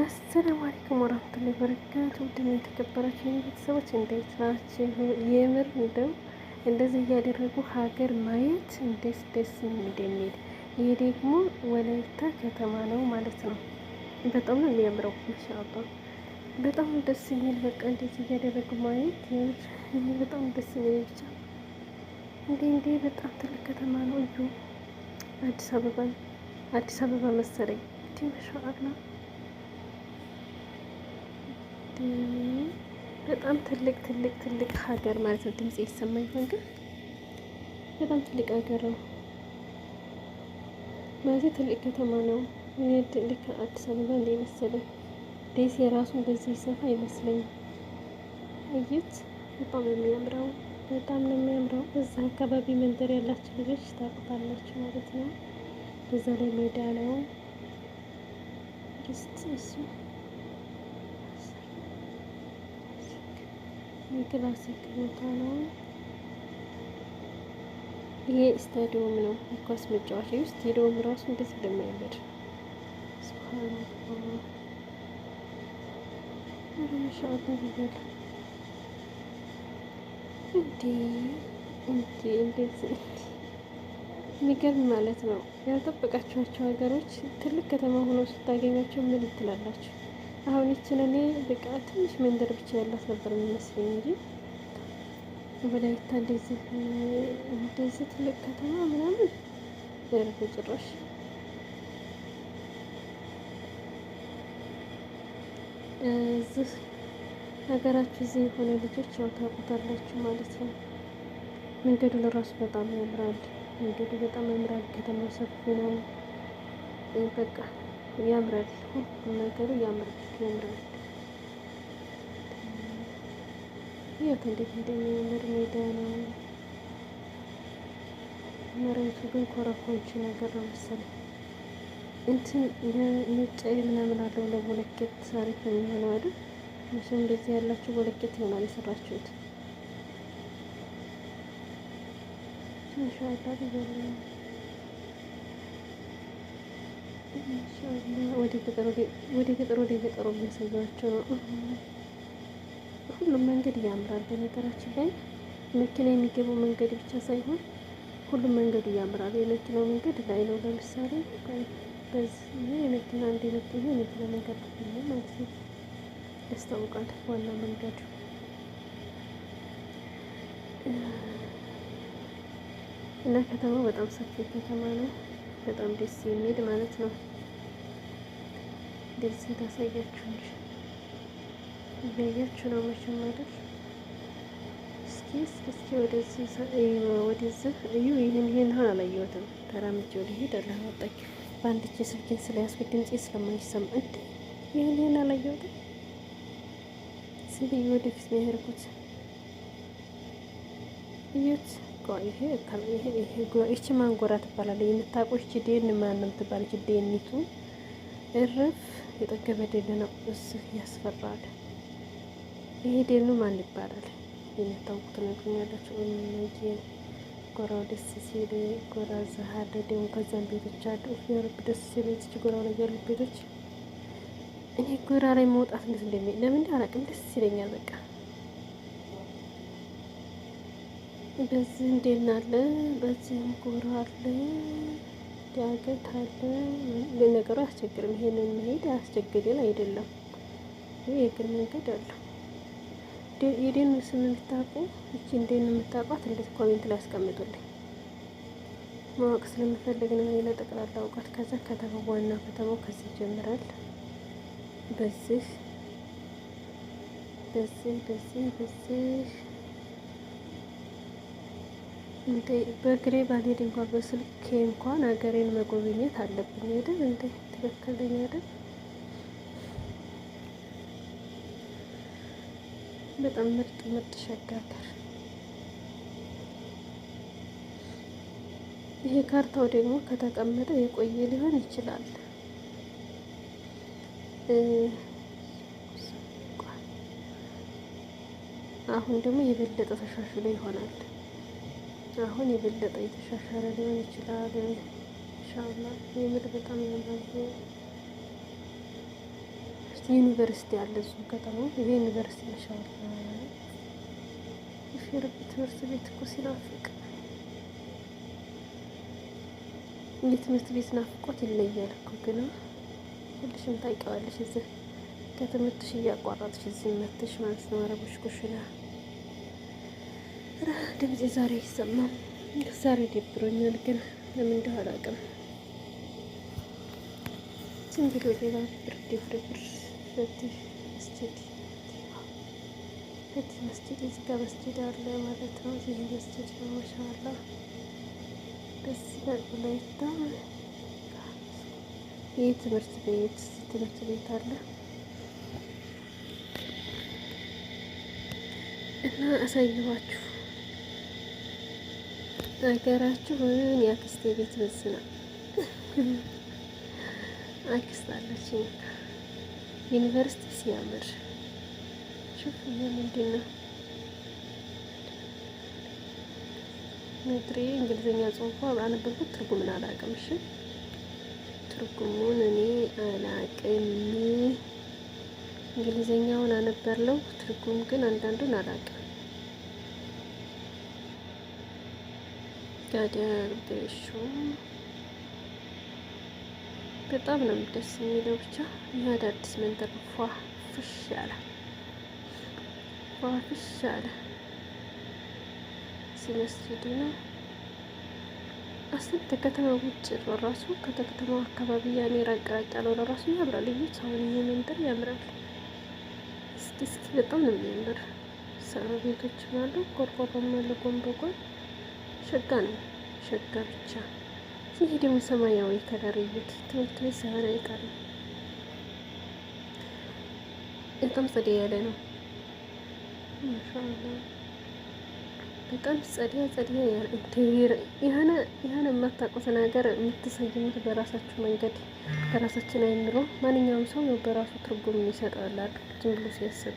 አሰላሙ አለይኩም ወራህመቱላሂ ወበረካቱ። ውድና የተከበራችሁ ቤተሰቦች እንዴት ናችሁ? የምር እንደው እንደዚህ እያደረጉ ሀገር ማየት እንዴት ደስ እንደሚል ይሄ ደግሞ ወላይታ ከተማ ነው ማለት ነው። በጣም ነው የሚያምረው። ማሻአላ በጣም ደስ የሚል በቃ እንደዚህ እያደረጉ ማየት የምር በጣም ደስ የሚል ብቻ እንዴ እንዴ በጣም ትልቅ ከተማ ነው። እዩ አዲስ አበባ አዲስ አበባ መሰለኝ እንዴ ማሻአላ በጣም ትልቅ ትልቅ ትልቅ ሀገር ማለት ነው። ድምጽ የተሰማኝ ይሆን ግን በጣም ትልቅ ሀገር ነው ማለት ትልቅ ከተማ ነው። እኔ አዲስ አበባ እንደ መሰለ ደሴ የራሱ በዚህ ሰፋ አይመስለኝም። እይት በጣም ነው የሚያምረው፣ በጣም ነው የሚያምረው። እዛ አካባቢ መንደር ያላችሁ ልጆች ታውቁታላችሁ ማለት ነው። በዛ ላይ ሜዳ ነው። እሱ ክላሲክ ቦታ ነው። ይሄ ስታዲየም ነው፣ የኳስ መጫወቻ ውስጥ ስታዲየም ራሱ እንደዚህ እንደማይበር የሚገርም ማለት ነው። ያልጠበቃችኋቸው ሀገሮች ትልቅ ከተማ ሆኖ ስታገኛቸው ምን ትላላችሁ? አሁን ይችን እኔ በቃ ትንሽ መንደር ብቻ ያላት ነበር የሚመስለኝ እንጂ ወላይታ እንደዚህ እንደዚህ ትልቅ ከተማ ምናምን ደረፈ ጭራሽ። እዚህ ሀገራችሁ እዚህ የሆነ ልጆች ያው ታውቁታላችሁ ማለት ነው። መንገዱ ለራሱ በጣም ያምራል። መንገዱ በጣም ያምራል። ከተማው ሰፊ ነው። በቃ ያምራል፣ ሁሉም ነገሩ ያምራል ያምራል። እንዴት እንደሚያምር ሜዳ ነው። መሬቱ ግን ኮረኮንች ነገር ነው መሰለኝ። እንትን ምናምን አለው ለቦለኬት አሪፍ ነው የሚሆነው አይደል? መቼም እንደዚህ ያላችሁ ቦለኬት ይሆናል የሰራችሁት። ትንሽ ወደ ገጠር ወደ ገጠሩ የሚያሳያቸው ነው። ሁሉም መንገድ ያምራል። በነገራችን ላይ መኪና የሚገባው መንገድ ብቻ ሳይሆን ሁሉም መንገዱ ያምራል። የመኪናው መንገድ ላይ ነው። ለምሳሌ በዚህ የመኪና አንድ የመኪና የመኪና መንገድ ነው ማለት ያስታውቃል። ዋና መንገዱ እና ከተማው በጣም ሰፊ ከተማ ነው። በጣም ደስ የሚል ማለት ነው። ደስ ታሳያችሁ እንጂ እያያችሁ ነው መቼም አይደል? እስኪ እስኪ እስኪ ወደዚህ እዩ። ይህን ይህን ሆን አላየሁትም። ተራምጄ ወደሄድ አላወጣኝ በአንድ እጄ ስልኬን ስለያዝኩት ድምፄ ስለማይሰማ እንደ ይህን ይህን አላየሁትም። ዝም ወደፊት ነው የሄድኩት እዩት። ይሄ ይሄ ይሄ ይቺ ማንጎራ ትባላለች። የምታውቀው ይቺ ዴን ማንም ትባለች። ዴኒቱ እርፍ የጠገበ ዴን ነው። እስ ያስፈራል። ይሄ ዴኑ ማን ይባላል? የምታውቁት ነግኛላችሁ። እምዬ ጎራው ደስ ሲል ጎራ ዛሃለ ደግሞ ከዛም ቤቶች አሉ። የረብ ደስ ሲል ይቺ ጎራው ላይ ያሉ ቤቶች እኔ ጎራ ላይ መውጣት እንዴት እንደሚ ለምን እንዳላቅም ደስ ይለኛል በቃ በዚህ እንዴናለ በዚህም ጎራ አለ ዳገት አለ። ለነገሩ አያስቸግርም። ይሄንን መሄድ አያስቸግርም አይደለም። ይህ የእግር መንገድ አለው። የደን ስም የምታውቁ እቺ እንደን የምታውቋት እንዴት ኮሜንት ላይ አስቀምጡልኝ። ማወቅ ስለምፈልግ ነው ለጠቅላላ እውቀት። ከዛ ከተማ ዋና ከተማው ከዚህ ይጀምራል። በዚህ በዚህ በዚህ በዚህ እንዴ በእግሬ ባልሄድ እንኳን በስልኬ እንኳን ሀገሬን መጎብኘት አለብኝ አይደል? እንዴ ትክክለኛ አይደል? በጣም ምርጥ ምርጥ ሸጋገር። ይሄ ካርታው ደግሞ ከተቀመጠ የቆየ ሊሆን ይችላል። አሁን ደግሞ የበለጠ ተሻሽሎ ይሆናል። አሁን የበለጠ የተሻሻለ ሊሆን ይችላል። ኢንሻአላ የምር በጣም ያምራል። ዩኒቨርሲቲ አለ እዚሁ ከተማ ይሄ ዩኒቨርሲቲ ኢንሻአላ ሹፌር ትምህርት ቤት እኮ ሲናፍቅ እንዴ ትምህርት ቤት ናፍቆት ይለያል እኮ ግን ሁልሽም ታውቂዋለሽ። እዚህ ከትምህርትሽ እያቋረጥሽ እዚህ መተሽ ማለት ነው አረቦች ኩሽና ድምፅ ዛሬ አይሰማም። ዛሬ ደብሮኛል፣ ግን ለምን እንደሆነ አላውቅም። ዝም ብሎ ሌላ ብርድ ፍርፍር በዚህ መስጅድ በዚህ መስጅድ እዚህ ጋር መስጅድ አለ ማለት ነው። ይህ መስጅድ ነው ማሻአላ ደስ ይላል። ወላይታ ይህ ትምህርት ቤት ትምህርት ቤት አለ እና አሳየኋችሁ። ሀገራችሁን የአክስቴ ቤት በዝና አክስት አለች ዩኒቨርሲቲ ሲያምር ሹፍ ምንድን ነው ምድሬ እንግሊዝኛ ጽሁፏ አነበብኩት፣ ትርጉምን አላውቅም። እሺ ትርጉሙን እኔ አላቅም እንግሊዝኛውን አነበርለው ትርጉም ግን አንዳንዱን አላቅም። አስተዳደር በጣም ነው ደስ የሚለው። ብቻ ይህ መንደር ፏፍሽ ፍሽ አለ፣ ፏ ፍሽ አለ። እዚህ ነው አስተ ከተማ ውጭ ራሱ ከተከተማው አካባቢ ያኔ ራቅ ራቅ ያለው ለራሱ ያምራል። ልዩት አሁን ይህ መንደር ያምራል። እስኪ እስኪ በጣም ነው የሚያምር። ሰሩ ቤቶችም አሉ፣ ቆርቆሮም አለ ጎን በጎን ሸጋ ነው፣ ሸጋ ብቻ። ይህ ደግሞ ሰማያዊ ከለር እዩት። ትምህርት ቤት ሳይሆን አይቀርም። በጣም ጸደ ያለ ነው። ማሻአላ በጣም ጸዳ ጸዳ ያለ የሆነ የሆነ የማታውቁትን ነገር የምትሰይሙት በራሳችሁ መንገድ በራሳችን አይምሮ ማንኛውም ሰው ነው በራሱ ትርጉም የሚሰጠዋል። ዝም ብሎ ሲያስብ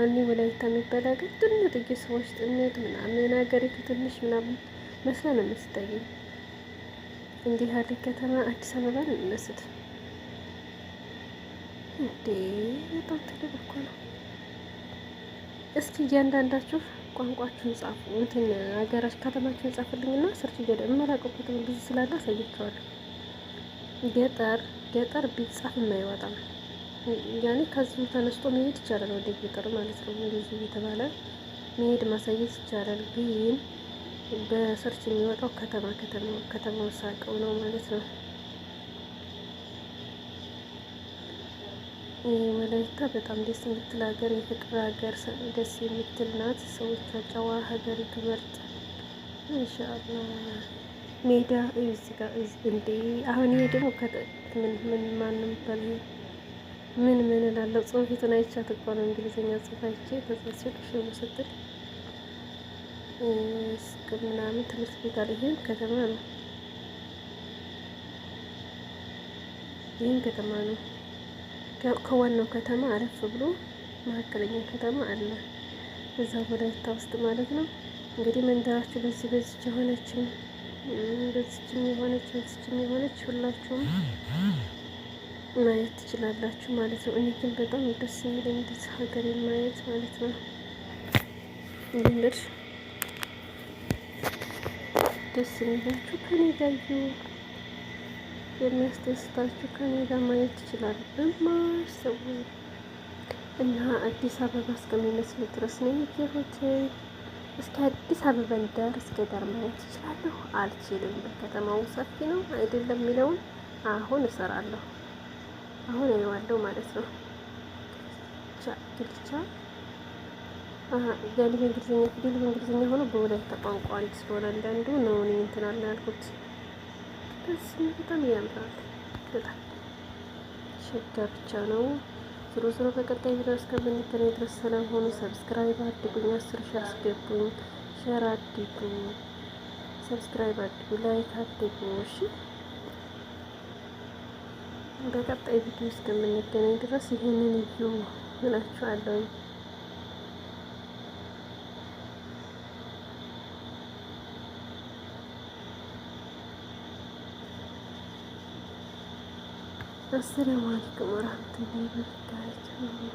አሁን ወላይታ የሚባል ግን ጥንት ጥቂት ሰዎች ጥንት ምናምን ሀገሪቱ ትንሽ ምናምን መስላ ነው የምትታየኝ። እንዲህ ያለ ከተማ አዲስ አበባን የሚመስል እንዴ! በጣም ትልቅ እኮ ነው። እስኪ እያንዳንዳችሁ ቋንቋችሁን ጻፉ። እንትን ሀገራች ከተማችሁን ጻፍልኝና ስርች ገደ እመላቀቁ ብዙ ስላለ አሳያቸዋለሁ። ገጠር ገጠር ቢጻፍ የማይወጣ ያኔ ከዚሁ ተነስቶ መሄድ ይቻላል ወደ ገጠር ማለት ነው። እንደዚህ እየተባለ መሄድ ማሳየት ይቻላል ግን በሰርች የሚወጣው ከተማ ከተማ ከተማ ሳቀው ነው ማለት ነው። ወላይታ በጣም ደስ የምትል ሀገር፣ የፍቅር ሀገር፣ ደስ የምትል ናት። ሰዎች ጨዋ ሀገር ትመርጥ እንሻላ። ሜዳ እንዴ አሁን ይሄ ደግሞ ምን ምን ማንም በል ምን ምን ላለው ጽሁፍ የተናይቻ ተቋ ነው እንግሊዝኛ ጽሁፋይቼ ተጽፌ ቅሽ ስትል እስከ ምናምን ትምህርት ቤት አልሄድም። ከተማ ነው፣ ይህም ከተማ ነው። ከዋናው ከተማ አረፍ ብሎ መካከለኛ ከተማ አለ፣ እዛ ወላይታ ውስጥ ማለት ነው። እንግዲህ መንደራችሁ በዚህ በዚች የሆነችም በዚችም የሆነች በዚችም የሆነች ሁላችሁም ማየት ትችላላችሁ ማለት ነው። እኔ ግን በጣም ደስ የሚል ደስ ሀገሬን ማየት ማለት ነው እንግዲህ ደስ የሚላችሁ ከኔ ጋር እዩ። የሚያስደስታችሁ ከኔ ጋር ማየት ይችላል። በማር ሰው እና አዲስ አበባ እስከሚመስሉ ድረስ ነው የሚገሩት። እስከ አዲስ አበባ እንደር እስከ ገጠር ማየት ይችላለሁ። አልችልም። በከተማው ሰፊ ነው አይደለም የሚለውን አሁን እሰራለሁ። አሁን አይዋለሁ ማለት ነው። ቻ ገሊብ እንግሊዝኛ ፊደል በእንግሊዝኛ ሆኖ በሁለት ቋንቋ አንድ ስለሆነ አንዳንዱ ነው እኔ እንትን አለ ያልኩት። ደስ በጣም ያምራል። በጣም ሸጋ ብቻ ነው። ዞሮ ዞሮ በቀጣይ ቪዲዮ እስከምንገናኝ ድረስ ሰላም ሆኑ። ሰብስክራይብ አድጉኝ፣ አስር ሺ አስገቡኝ፣ ሸር አድጉ፣ ሰብስክራይብ አድጉ፣ ላይክ አድጉ። እሺ በቀጣይ ቪዲዮ እስከምንገናኝ ድረስ ይህንን እዩ እላችኋለሁ። አሰላሙ አለይኩም ወራህመቱላሂ ወበረካቱሁ